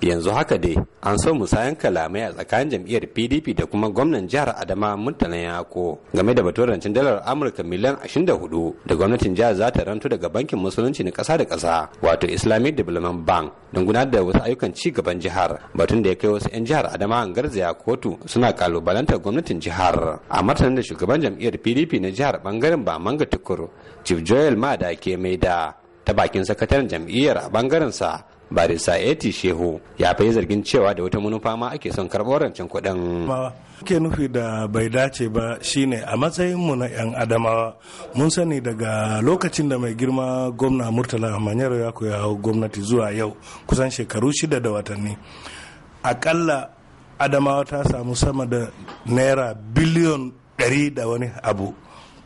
yanzu haka dai an so musayan kalamai a tsakanin jam'iyyar pdp da kuma gwamnan jihar adama murtala yako game da batun rancen dalar amurka miliyan 24 da gwamnatin jihar za ta rantu daga bankin musulunci na kasa da kasa wato islamic development bank don gudanar da wasu ayyukan ci gaban jihar batun da ya kai wasu 'yan jihar adama an garzaya kotu suna kalubalantar gwamnatin jihar a martanin da shugaban jam'iyyar pdp na jihar bangaren ba manga tukur chief joel ma da ke mai da ta bakin sakataren jam'iyyar a bangaren sa barisa eti shehu ya fayi zargin cewa da wata manufa ma ake son karɓar rancen kuɗin. ke nufi da bai dace ba shine a matsayin mu na 'yan adamawa mun sani daga lokacin da mai girma gwamna murtala amanyar ya koya gwamnati zuwa yau kusan shekaru shida da watanni akalla adamawa ta samu sama da naira biliyon 100 da wani abu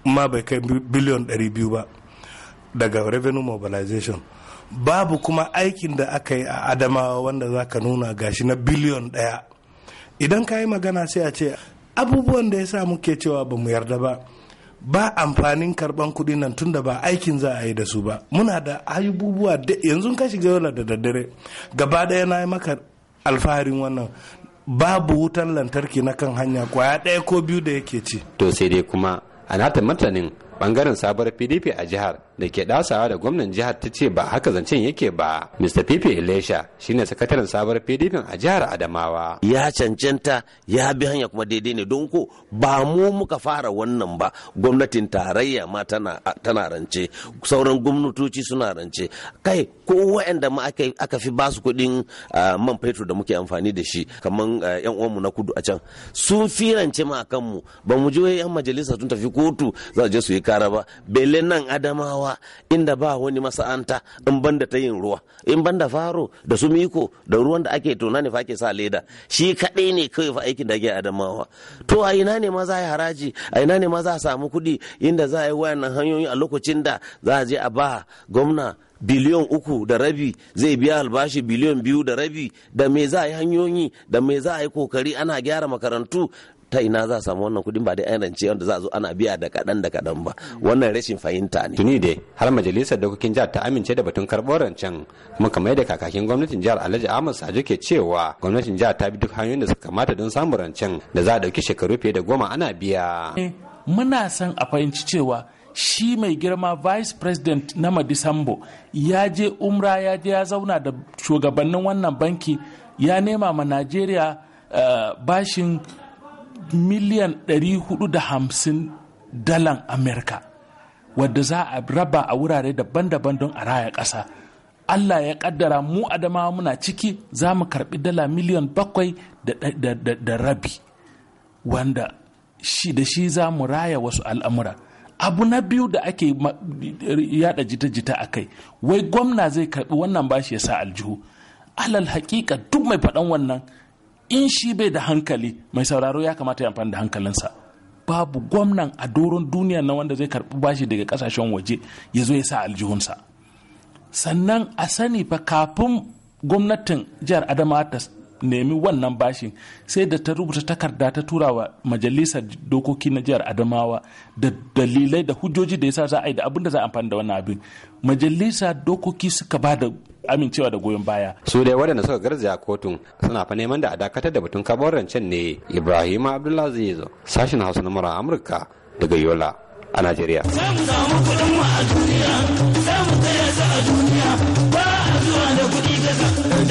ma bai kai biliyon biyu ba daga revenue mobilization babu kuma aikin da aka yi a adamawa wanda za ka nuna gashi na biliyon daya idan ka yi magana sai a ce abubuwan da ya sa muke cewa ba mu yarda ba ba amfanin karban kuɗi nan da ba aikin za a yi da su ba muna da abubuwa yanzu ka shiga yola da daddare gaba ɗaya na yi maka alfaharin wannan babu wutan lantarki na kan hanya kwaya ɗaya ko biyu da yake ci to sai dai kuma a nata martanin bangaren sabar pdp a jihar da ke dasawa da gwamnan jihar ta ce ba haka zancen yake ba mr pipe ilesha shine sakataren sabar pdp a jihar adamawa ya cancanta ya bi hanya kuma daidai ne don ko ba mu muka fara wannan ba gwamnatin tarayya ma tana rance sauran gwamnatoci suna rance kai ko waɗanda ma aka fi basu kuɗin man fetur da muke amfani da shi kamar yan uwanmu na kudu a can sun rance ma kanmu ba mu je yan majalisa sun tafi kotu za su je su yi kara ba belen nan adamawa ruwa inda ba wani masa'anta in banda ta yin ruwa in banda faro da su miko da ruwan da ake tona ne fa ake sa leda shi kaɗai ne kawai fa aikin da ake adamawa to a ina ne ma za a yi haraji a ina ne ma za a samu kuɗi inda za a yi wayannan hanyoyi a lokacin da za a je a ba gwamna biliyon uku da rabi zai biya albashi biliyon biyu da rabi da me za a yi hanyoyi da me za a yi kokari ana gyara makarantu ta ina za a samu wannan kuɗin ba dai an rance wanda za a zo ana biya da kadan da kadan ba wannan rashin fahimta ne. tuni dai har majalisar dokokin jihar ta amince da batun karɓar rancen kuma kamar yadda kakakin gwamnatin jihar alhaji ahmad sajo ke cewa gwamnatin jihar ta bi duk hanyoyin da suka kamata don samun rancen da za a ɗauki shekaru fiye da goma ana biya. Eh, muna son a fahimci cewa shi mai girma vice president na madisambo ya je umra ya je ya zauna da shugabannin wannan banki ya nema ma najeriya uh, bashin miliyan 450 dalan amerika wadda za a raba a wurare daban-daban don a raya ƙasa allah ya kaddara mu adamawa muna ciki za mu karbi dala miliyan bakwai da rabi wanda shi da shi za mu raya wasu al'amura abu na biyu da ake yada jita-jita a kai wai gwamna zai karbi wannan bashi ya sa aljihu alal hakika duk mai faɗan wannan in shi bai da hankali mai sauraro ya kamata ya amfani da hankalinsa babu gwamnan a doron duniya na wanda zai karbi bashi daga kasashen waje ya zo ya sa aljihunsa sannan a sani fa kafin gwamnatin jihar adamawa ta nemi wannan bashin sai da ta rubuta takarda ta tura wa majalisar dokoki na jihar adamawa da dalilai da hujjoji da ya sa za a yi da abin da za a amfani da wannan abin majalisar dokoki suka ba da amincewa da goyon baya su dai waɗanda suka garzaya kotun suna fa neman da a dakatar da batun kabon rancen ne ibrahim abdullahi sashen hausa na mura amurka daga yola a najeriya a duniya ba a zuwa da kuɗi